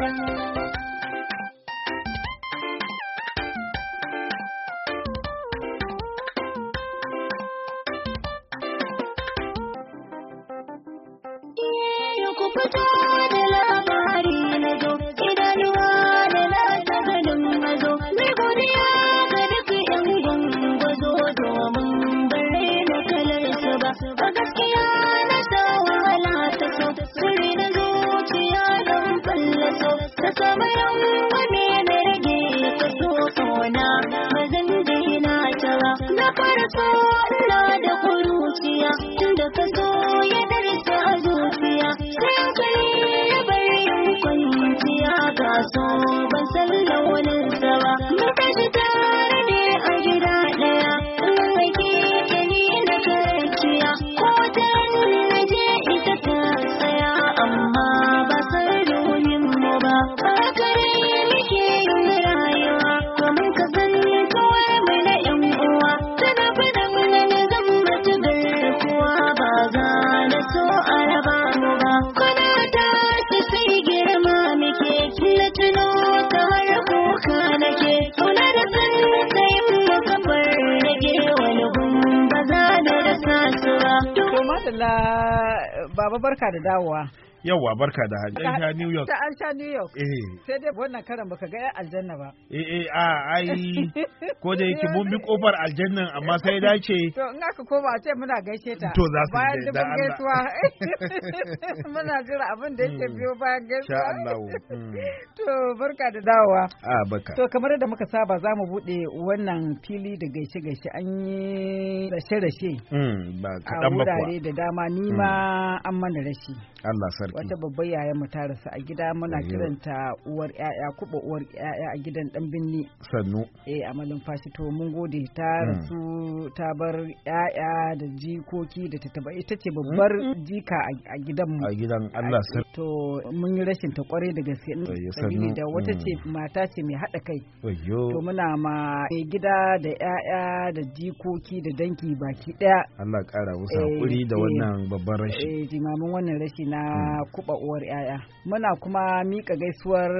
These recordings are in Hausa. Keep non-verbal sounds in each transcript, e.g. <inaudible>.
thank you barka da dawowa. Yawwa barka da hali. An sha New York. An sha New York. Eh. Sai dai wannan karan baka ga yan aljanna ba. Eh eh a ai <laughs> ko da yake mun bi kofar aljannan amma sai dace. <laughs> To in aka koma a ce muna gaishe ta. To za su bayan da gaisuwa. <laughs> Muna jira abin da yake hmm. biyo bayan gaisuwa. Sha Allah. Hmm. To barka da dawowa. A barka. To kamar da muka saba za mu bude wannan fili da gaishe-gaishe an yi rashe-rashe. Hmm, ba kaɗan ba kuwa. A wurare da dama ni ma an mana rashi. Allah sarki. wata babbar yaya mu ta rasu a gida muna kiranta uwar yaya kuɓa uwar yaya a gidan dan binni sannu eh a fashi to mun gode ta hmm. rasu ta bar yaya da jikoki da ta taba ita ce hmm? babbar jika a gidan mu a gidan Allah sir to mun yi rashin ta kware da gaske sabili da wata ce hmm. mata ce mai hada kai to muna ma gida da yaya da jikoki da danki baki daya Allah kara musu hakuri da eh, eh. wannan babban rashi eh jimamin wannan rashi na kuɓa uwar 'ya'ya. Muna kuma mika gaisuwar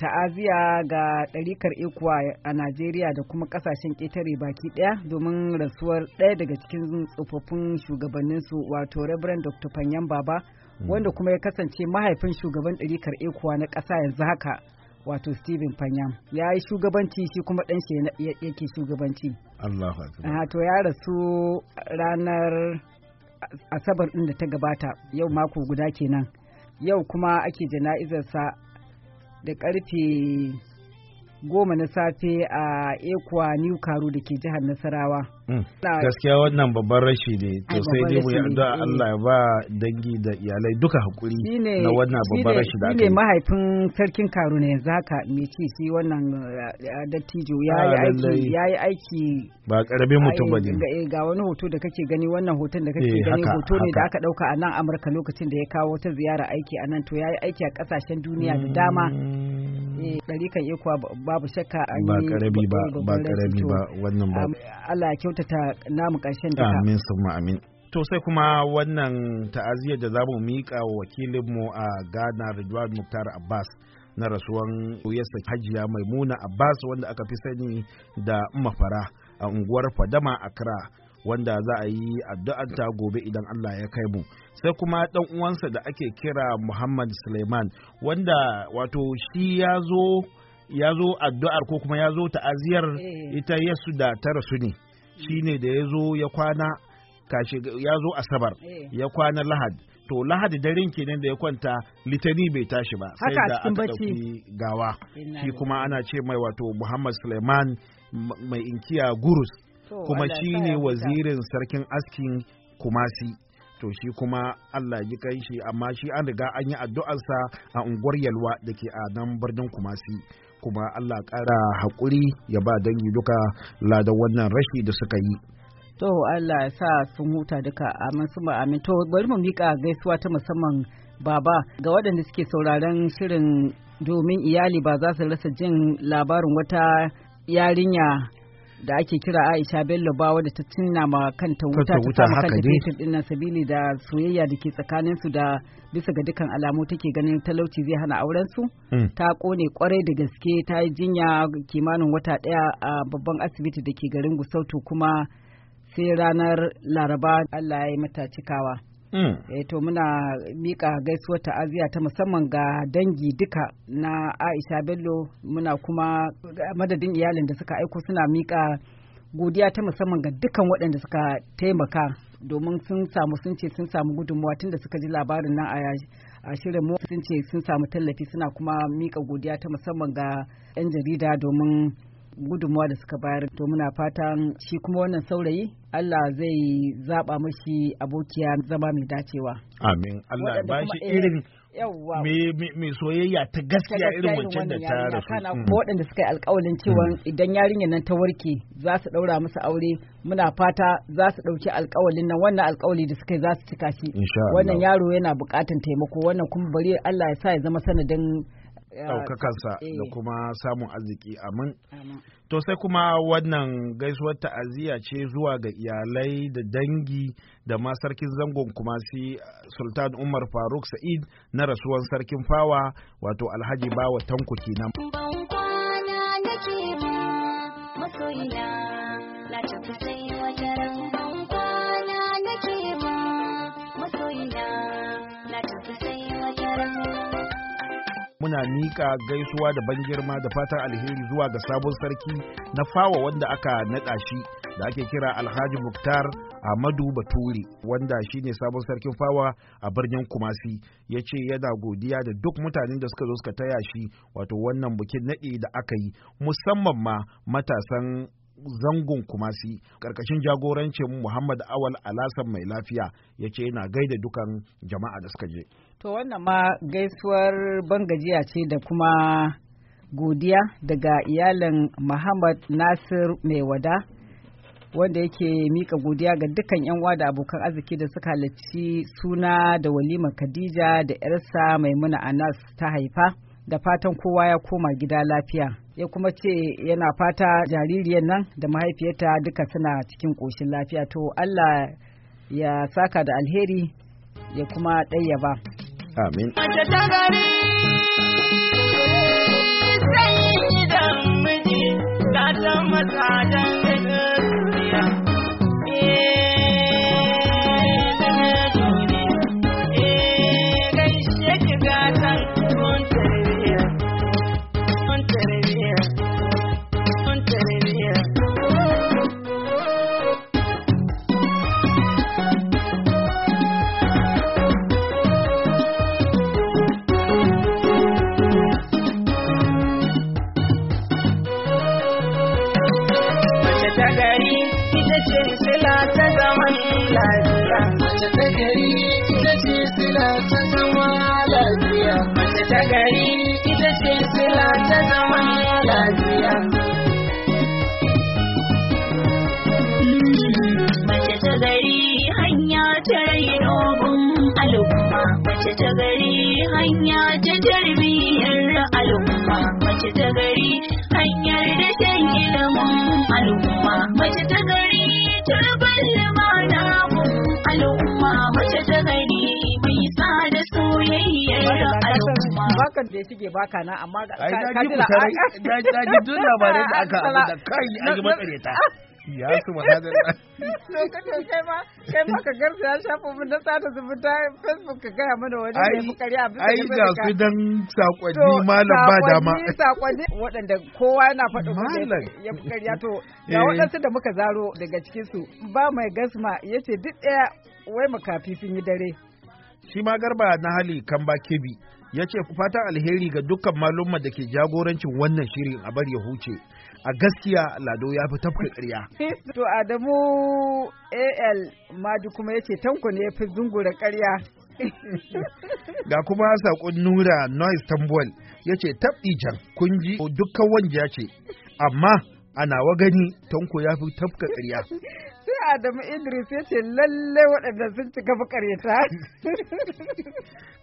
ta'aziya ga ɗarikar ikuwa a Najeriya da kuma ƙasashen ƙetare baki ɗaya domin rasuwar ɗaya daga cikin tsofaffin shugabanninsu wato Reverend Dr. Panyan Baba mm. wanda kuma ya kasance mahaifin shugaban ɗarikar ikuwa na ƙasa yanzu haka. wato Stephen fanyan ya yi shugabanci shi kuma ɗan shi yake shugabanci. to ya rasu ranar Asabar ɗin da ta gabata yau mako guda kenan. yau kuma ake jana'izarsa da karfe goma na safe a ekwa new karu da ke jihar nasarawa hmm. gaskiya wannan babban rashi ne to sai dai mu yarda eh. Allah ya ba dangi da iyalai duka hakuri na wannan babban rashi da aka yi mahaifin sarkin karu ne yanzu me ce shi wannan eh, eh, dattijo ya yi ah, aiki ya yi aiki ba karamin mutum bane ga wani hoto da kake gani wannan hoton da kake gani hoto ne da aka dauka a nan Amurka lokacin da ya kawo ta ziyara aiki a nan to ya yi aiki a kasashen duniya da dama hmm. Eh, ɗarikan ikuwa babu shakka an ba ba ba ba wannan ba Allah kyautata namu ƙarshen duka amin summa amin to sai kuma wannan ta'aziyya da zamu mika wa wakilinmu a Ghana Ridwan Muktar Abbas na rasuwan yasa hajiya maimuna abbas wanda aka fi sani da mafara a unguwar fadama accra wanda za a yi addu'anta gobe idan Allah ya kai mu sai kuma dan uwansa da ake kira Muhammad Suleiman wanda wato shi ya zo ya zo addu'ar ko kuma ya zo ta'aziyar eh. ita yasu da ta rasu ne shi ne da ya zo ya kwana kashi ya zo asabar eh. ya kwana lahad to lahadi daren kenan da ya kwanta litani bai tashi ba sai da aka ɗauki gawa shi kuma ana ce mai wato muhammad suleiman mai inkiya gurus kuma shi ne wazirin sarkin askin kumasi to shi kuma Allah ji kai shi amma shi an riga an yi addu'arsa a unguwar yalwa da ke a nan birnin kumasi kuma Allah ƙara haƙuri ya ba dangi duka ladan wannan rashi da suka yi to Allah ya sa sun huta duka amin su amin to bari mu miƙa gaisuwa ta musamman baba ga waɗanda suke sauraron shirin domin iyali ba za su rasa jin labarin wata yarinya da ake kira Aisha Bello ba wadda ta cinna ma kanta wuta ta sama kanta fetur din nan sabili da soyayya da ke tsakanin su da bisa ga dukkan alamu take ganin talauci zai hana auren su hmm. ta kone kwarai da gaske ta yi jinya kimanin wata daya a babban asibiti da ke garin Gusautu kuma sai ranar Laraba Allah ya yi mata cikawa. Mm. Eh, to muna mika gaisuwar ta'aziyya ta musamman ga dangi duka na Aisha Bello muna kuma madadin iyalin da suka aiko suna mika godiya ta musamman ga dukan waɗanda suka taimaka domin sun samu sun ce sun samu gudunmuwa tun da suka ji labarin nan a shirin mu sun ce sun samu tallafi suna kuma mika godiya ta musamman ga 'yan jarida domin gudunmawa da suka bayar to muna fatan shi kuma wannan saurayi Allah zai zaba mashi abokiya zama mai dacewa amin Allah ya bashi irin mai soyayya ta gaskiya irin wancan da ta rasu ko mm. waɗanda suka yi alƙawalin cewa mm. idan yarinyar nan ta warke za su ɗaura masa aure muna fata za su ɗauki alƙawalin nan wannan alƙawali da suka yi za su cika shi wannan yaro yana buƙatan taimako wannan kuma bari Allah ya sa ya zama sanadin ɗaukakansa da eh. kuma samun arziki amin to sai kuma wannan gaisuwar ta'aziyya ce zuwa ga iyalai da dangi da ma sarkin zangon kuma si uh, sultan umar faruk sa'id na rasuwan sarkin fawa wato alhaji bawa tanko kenan masoyina na tafi sai muna miƙa gaisuwa da ban girma da fatan alheri zuwa ga sabon sarki na fawa wanda aka naɗa shi da ake kira alhaji muktar ahmadu bature wanda shine sabon sarkin fawa a birnin kumasi ya ce yana godiya da duk mutanen da suka zo suka taya shi wato wannan bikin naɗi da aka yi musamman ma matasan zangon kumasi karkashin jagorancin muhammad awal alasan mai lafiya ya ce yana gaida dukan jama'a da suka je to wannan ma gaisuwar bangajiya ce da kuma godiya daga iyalin muhammad nasir mai wada wanda yake mika godiya ga dukkan yan da abokan arziki da suka halarci suna da walima khadija da yarsa maimuna anas ta haifa da fatan kowa ya koma gida lafiya ya kuma ce yana fata jaririyar nan da mahaifiyarta duka suna cikin ƙoshin lafiya to Allah ya saka da alheri ya kuma ɗayyaba. Amin. sai idan Mace gari ita ce sila ta zaman lafiya. Mace ta gari ita ce sila ta zama lafiya. Mace ta gari ita ce sila ta zaman lafiya. Mace ta gari hanya ta yi rainogun al'umma. Mace ta gari hanya ta tarbiyyar al'umma. Mace ta gari dukan da ya shige baka na amma ka ji da <laughs> na ji duk labarin da aka abu da kai an yi matsareta ya su ma hadar to kace kai ma kai ma ka garza ya shafa mun da sata zubuta facebook ka gaya mana wani mai mu a bisa da ai da su dan sakonni malam ba dama sakonni waɗanda kowa yana faɗa malam ya ya to ga eh. waɗansu da muka zaro daga cikin su ba mai gasma yace duk ɗaya wai makafi sun yi dare shi ma garba na hali kan ba kebi ya ce fatan alheri ga dukkan malumma da ke jagorancin wannan shirin a bar ya huce a gaskiya lado ya fi tafka ƙarya. <laughs> to adamu al madu kuma ya ce tanko ne ya fi zungura karya? ga kuma saƙon nura noise tambol ya ce tabbi jan kun ji dukkan wanda ya ce amma a nawa gani tanko ya fi tafka karya. <laughs> Adamu Idris ya ce lalle waɗanda sun cika bukaryata.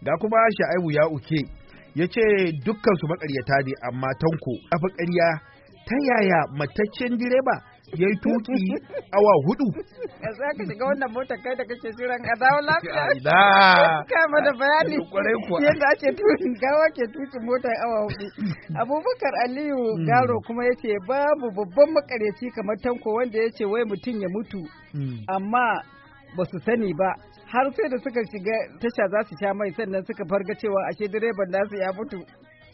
Da kuma Sha'aibu ya uke ya ce dukkan su makaryata ne amma tanko a ta yaya mataccen direba ya yi tuki awa hudu ya za ka shiga wannan motar kai da kake jiran a dawo lafiya Da. kama da bayani yadda ake tuki gawa ke tuki motar awa hudu abubakar aliyu hmm. garo kuma ya babu babban makareci kamar tanko wanda ya ce wai mutum ya mutu hmm. amma ba su sani ba har sai da suka shiga tasha za su sha mai sannan suka farga cewa ashe direban nasu ya mutu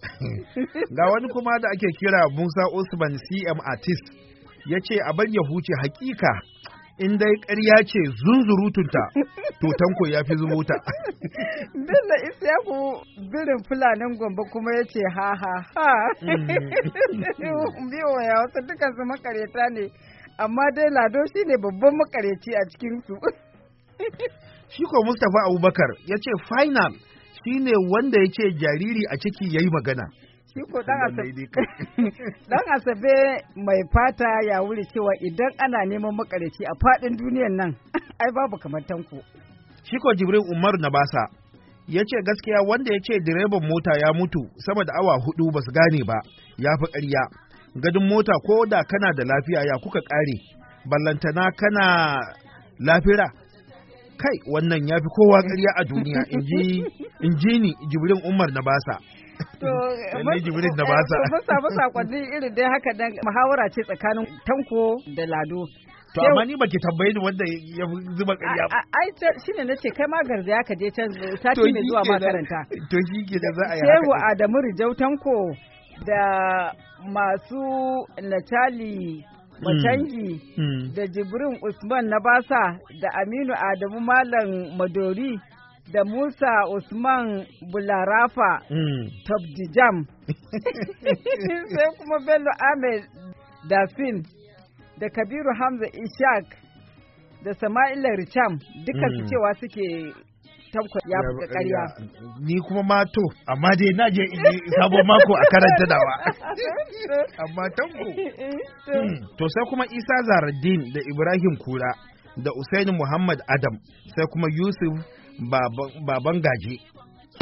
<laughs> ga wani kuma da ake kira musa usman cm artist ya ce a bar ya huce hakika in dai karya ce zunzurutunta to tanko ya fi zumuta. <laughs> Bello ku birin fulanin gombe kuma ya ce ha ha ha. <laughs> Biyo ya wasu dukansu makareta ne, amma dai lado shi ne babban makareci a cikinsu. <laughs> Shi ko Mustapha Abubakar ya ce final shi ne wanda ya ce jariri a ciki ya yi magana. Shi ko <laughs> dan asabe mai fata ya wuri cewa idan ana neman makareci a fadin duniyan nan <laughs> ai babu kamar tanko. Shi ko Jibril Umar na basa ya ce gaskiya wanda ya ce direban mota ya mutu sama da awa hudu ba su gane ba ya fi ƙarya. Gadin mota ko da kana da lafiya ya kuka ƙare ballantana kana lafira kai wannan ya fi kowa ƙarya a duniya in ji ni Jibrin Umar na basa. To Jibril da eh, bata. Mun samu sakonni irin dai haka dan muhawara ce tsakanin Tanko da Lado. To amma ni baki tambaye ni wanda ya zuba ƙarya. Ai na nace kai ma garzaya ka je can eh, sati mai zuwa makaranta. To shi ke da za a yi haka. Shehu Adamu Rijau Tanko da masu Natali hmm. Matangi hmm. da Jibrin Usman na Basa da Aminu Adamu Malam Madori da Musa Usman Bularafa mm. Tobdijam <laughs> sai kuma Bello Ahmed Dafin da Kabiru Hamza Ishak da Sama'ila Richam duka su hmm. cewa suke tabka ya fuka karya. Ni kuma mato. amma dai na je sabo mako a karanta dawa. <laughs> Amma tanko. Hmm. To sai kuma Isa Zaradin da Ibrahim Kura da Usaini Muhammad Adam sai kuma Yusuf baban gaje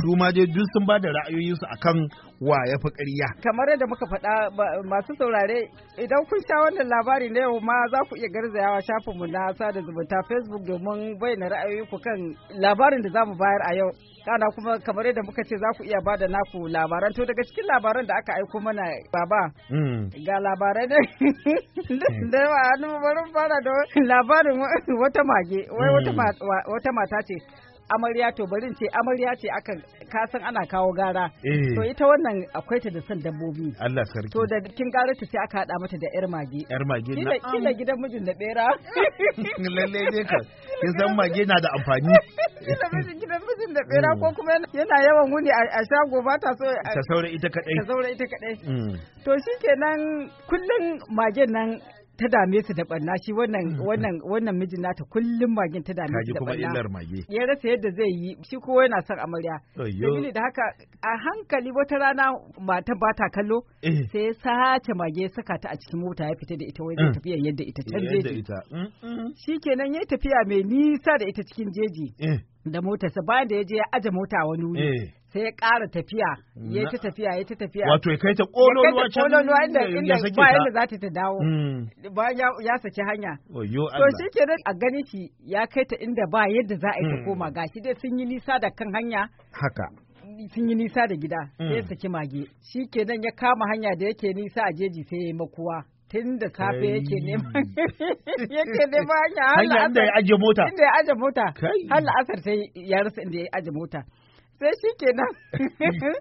su ma dai duk sun ba da ra'ayoyinsu akan wa ya fi ƙarya. Kamar yadda muka faɗa masu saurare idan kun sha wannan labari na yau ma za ku iya garzayawa shafinmu na sada zumunta Facebook domin bayyana ra'ayoyinku kan labarin da za mu bayar a yau. Kana kuma kamar yadda muka ce za ku iya ba da naku labaran to daga cikin labaran da aka aiko mana baba. Hmm. Ga labarai ne? Hmm. <laughs> da da bari fara da labarin wata mage hmm. wata mata ce amarya to barin ce amarya ce aka kasan ana kawo gara eh. to ita wannan akwai ta da son dabbobi Allah sarki to da kin gara ta sai aka hada mata da yar mage yar mage na kila gidan mijin da bera lalle ne ka kin san mage na da amfani kila gidan mijin da bera ko kuma yana yawan wuni a shago ba ta so ta saura ita kadai ta saura ita kadai mm. to shikenan kullun magen nan ta dame su da barna shi wannan <laughs> wannan wannan mijin nata kullum magin ta dame su da barna kuma illar mage ya rasa yadda zai yi shi kowa yana son amarya sabili da haka a hankali wata rana mata ba ta kallo eh. sai ya sace mage ya saka ta a cikin mota ya fita da ita wai zai eh. tafiya yadda ita can jeji shikenan ya tafiya mai nisa da ita cikin jeji eh. da motarsa bayan da ya je ya aje mota wani wuri eh. sai ya ƙara tafiya ya ta tafiya ya ta tafiya wato ya kai ta kololuwa can kololuwa inda inda ba yadda za ta ta dawo hmm. bayan ya saki hanya to shi ke a gani shi ya kai ta inda ba yadda za a yi ta hmm. koma gashi dai sun yi nisa da kan hanya haka sun yi nisa da gida sai ya hmm. saki mage shi ke nan ya kama hanya da yake nisa a jeji sai ya yi makuwa tun da safe yake neman <laughs> yake neman hanya har la'asar inda ya aje mota inda ya aje mota la'asar sai ya rasa inda ya aje mota sai shi kenan <laughs>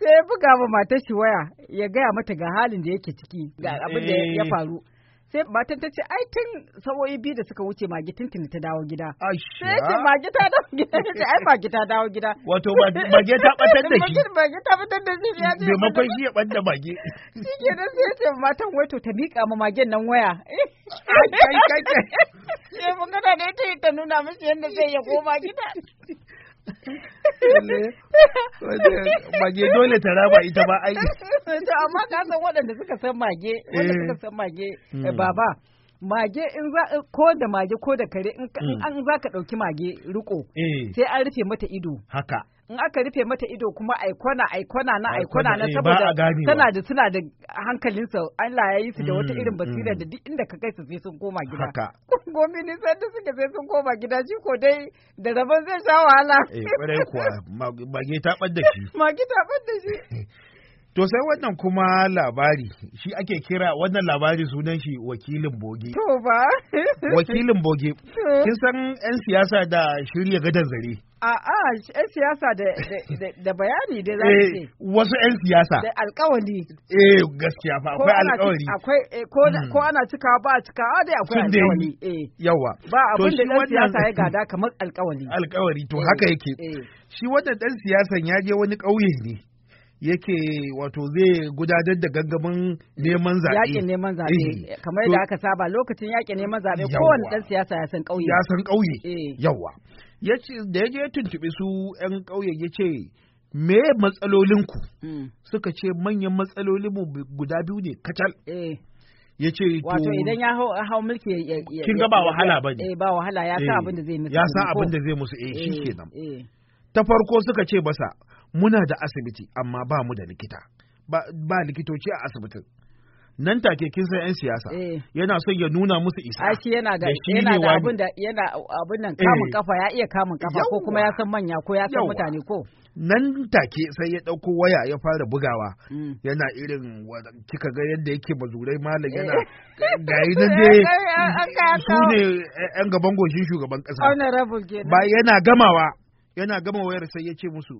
sai ya buga ma matar shi waya ya gaya mata ga halin da yake ciki ga abin da ya eh. faru sai matan ta ce ai tun sawoyi biyu da suka wuce magi tuntuni ta dawo gida. Sai ce magi ta dawo gida ta ce ai magi ta dawo gida. Wato mage ta batar da shi. Magi ta batar da shi ya ce. Maimakon shi ya banda mage? Shi ke nan sai ce matan wai to ta miƙa ma mage nan waya. Kai kai kai. <laughs> Sai mun gana da ita ta nuna mishi yadda zai ya koma gida. mage dole ta raba ita ba ai to amma ka san waɗanda suka san mage wanda eh. suka san mage eh, hmm. baba mage in za ko da mage ko da kare in an hmm. za ka ɗauki mage riko eh. sai an rufe mata ido haka in aka rufe mata ido kuma aikona aikona na aikona na eh, saboda tana da suna da hankalinsa Allah ya yi su da wata mm, irin basira mm. da duk inda ka kai su sai sun koma gida gomi ne sai da suka sai sun koma gida shi ko dai da rabon zai sha wahala eh kwarai kuwa magi ta bar da shi <laughs> ta bar da shi <laughs> To sai wannan kuma labari shi ake kira wannan labari sunan shi wakilin boge. To ba. <laughs> wakilin boge. Kin san 'yan siyasa da shirya gadar zare. A'a, 'yan siyasa da bayani da zai. Eh, ce. Wasu 'yan siyasa. Da alkawari. Eh, gaskiya fa akwai alkawari. Akwai eh, hmm. ko ana cika ba cika a dai akwai alkawari. Eh. Yawa. Ba abin da ɗan siyasa ya gada <laughs> kamar alkawari. Alkawari to eh, haka yake. Shi wannan ɗan siyasan ya je wani ƙauye ne. yake wato zai gudanar da gangamin neman zaɓe. Yaƙin neman zaɓe eh. kamar yadda aka saba lokacin yaƙin neman zaɓe kowane ɗan siyasa ya san ƙauye. Ya san ƙauye. Eh. Yawwa. Da ya je ya tuntuɓi su 'yan ƙauye ya ce me matsalolinku? Mm. Suka ce manyan matsalolinmu guda biyu ne kacal. Eh. ya ce wato idan ya hau mulki ya kin ga ba wahala bane ne. ba wahala ya sa abin da zai musu ya sa abin da zai musu eh shikenan ta farko suka ce masa muna da asibiti amma ba mu da likita ba, ba likitoci a asibitin nan take kin san 'yan siyasa eh. yana son ya nuna musu isa a shi yana da yana da abin da yana abin nan kamun eh. kafa ya iya kamun kafa ko kuma ya san manya ko ya san mutane ko nan take sai ya ɗauko waya ya fara bugawa mm. yana irin kika ga yadda yake bazurai malam yana eh. gayi nan dai <laughs> su ne eh, yan gaban goshin shugaban kasa ba yana gamawa yana gama wayar sai ya ce musu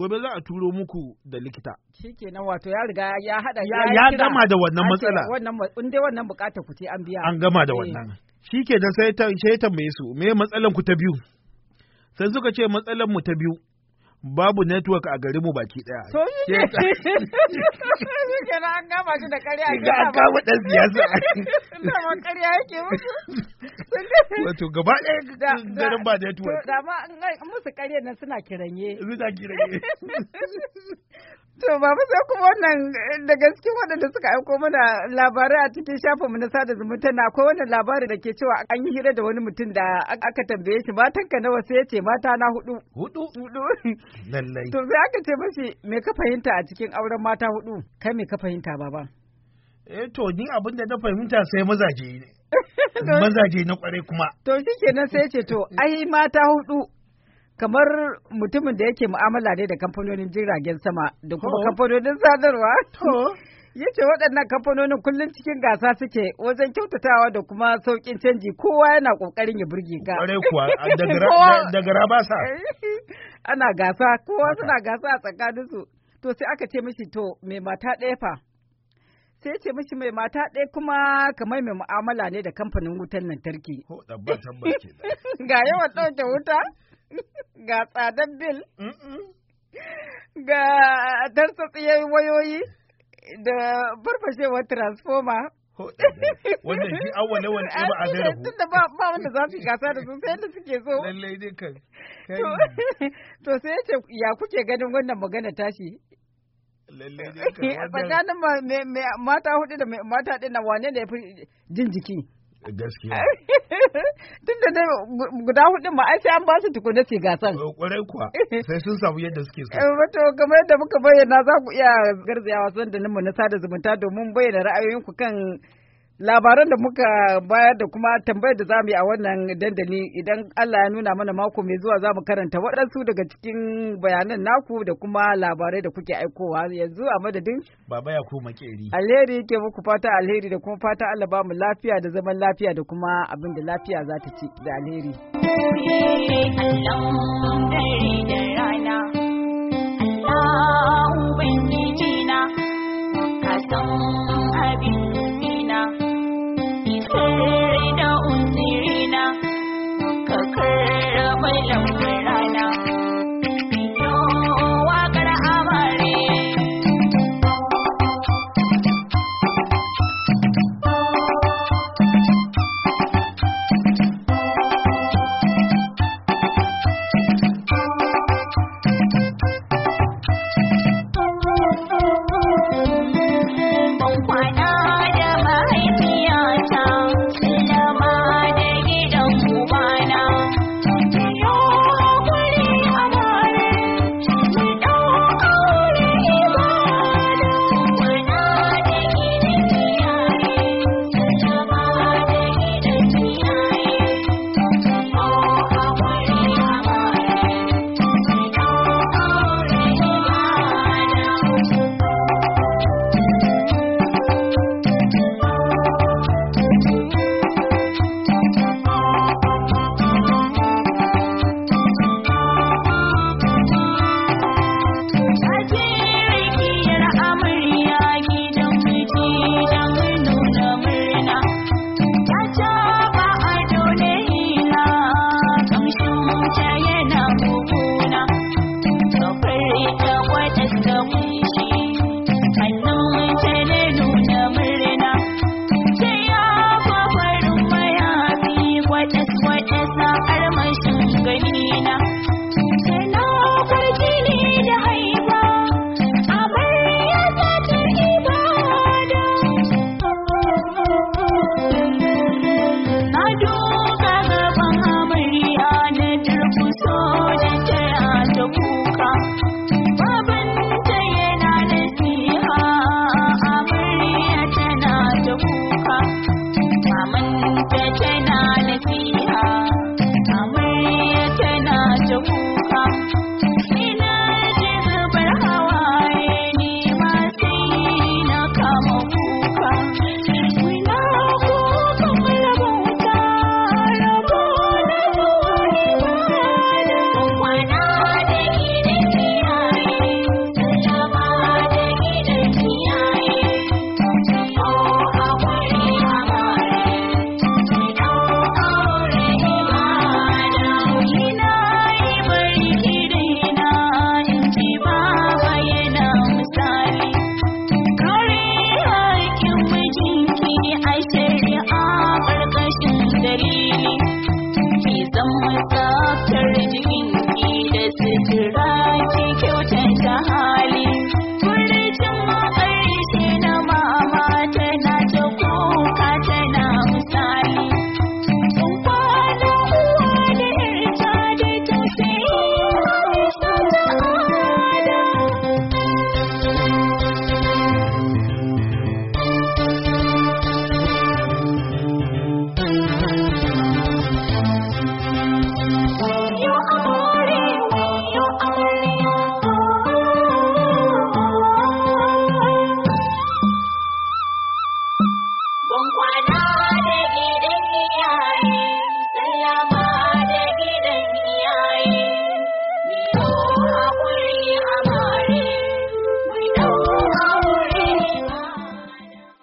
gobe za a turo muku da likita. Shikenan wato ya riga ya hada ya ya, gama da wannan matsala. Wannan in dai wannan bukatar ku ce an biya. An gama da eh. wannan. Shikenan sai ta sai tambaye su me matsalan ku ta biyu. Sai suka ce matsalan mu ta biyu babu network a gari mu baki daya. To shi ne. <laughs> Shi ke na an gama shi da kariya. Ga an kama ɗan siyasa. Ina <laughs> ma ƙarya yake musu. <laughs> Wato gaba ɗaya garin ba network. Da ma musu kariya nan suna kiranye. Suna kiranye. To baba sai kuma wannan eh, da cikin waɗanda suka aiko mana labarai a cikin shafinmu na sada zumunta na akwai wannan labari da ke cewa an yi hira da wani mutum da aka tambaye shi matan ka nawa sai ya ce mata na hudu. Hudu? Hudu. <laughs> Lallai. To sai aka ce mashi me ka fahimta a cikin auren mata hudu? Kai me ka fahimta baba? Eh to ni abin da na fahimta sai mazaje ne. <laughs> Mazaje na kwarai kuma. To shi kenan sai ya ce to ai mata hudu kamar mutumin da yake mu'amala ne da kamfanonin jiragen sama da kuma kamfanonin sadarwa. to <laughs> ce waɗannan kamfanonin kullum cikin gasa suke wajen kyautatawa da kuma sauƙin canji kowa yana ƙoƙarin ya burge ka. <laughs> daga rabasa. <laughs> Ana gasa kowa suna gasa a tsakaninsu. To sai aka ce mishi to mai mata ɗaya fa. Sai ce mishi mai mata ɗaya kuma kamar mai mu'amala ne da kamfanin wutan lantarki. Ga yawan ɗauke wuta. ga tsadar bil ga tarsatsiyar wayoyi da farfashewar transforma. wannan shi awa na wani ba a zai rabu tunda ba ba wanda za su gasa da su sai da suke so lallai dai kan to <laughs> sai ya ce ya kuke ganin wannan magana tashi lallai dai kan <laughs> tsakanin mata hudu da mata ɗin na wane da ya fi jin jiki Gaskiya. <laughs> da guda hudu ma ai sai an ba su tukuna ce gasan. Kwarai oh, kuwa sai sun samu yadda suke so. Eh, wato kamar yadda muka bayyana za ku iya wasu wasan da mu na sada zumunta domin bayyana ra'ayoyinku kan labaran da muka bayar da kuma tambayar da zamu yi a wannan dandali idan Allah ya nuna mana mako mai zuwa zamu karanta waɗansu daga cikin bayanan naku da kuma labarai da kuke aikowa yanzu a madadin Baba ya kuma makeri Alheri yake muku fata alheri da kuma fata Allah ba mu lafiya da zaman lafiya da kuma abin da lafiya za ta ci da alheri Allah ubangiji na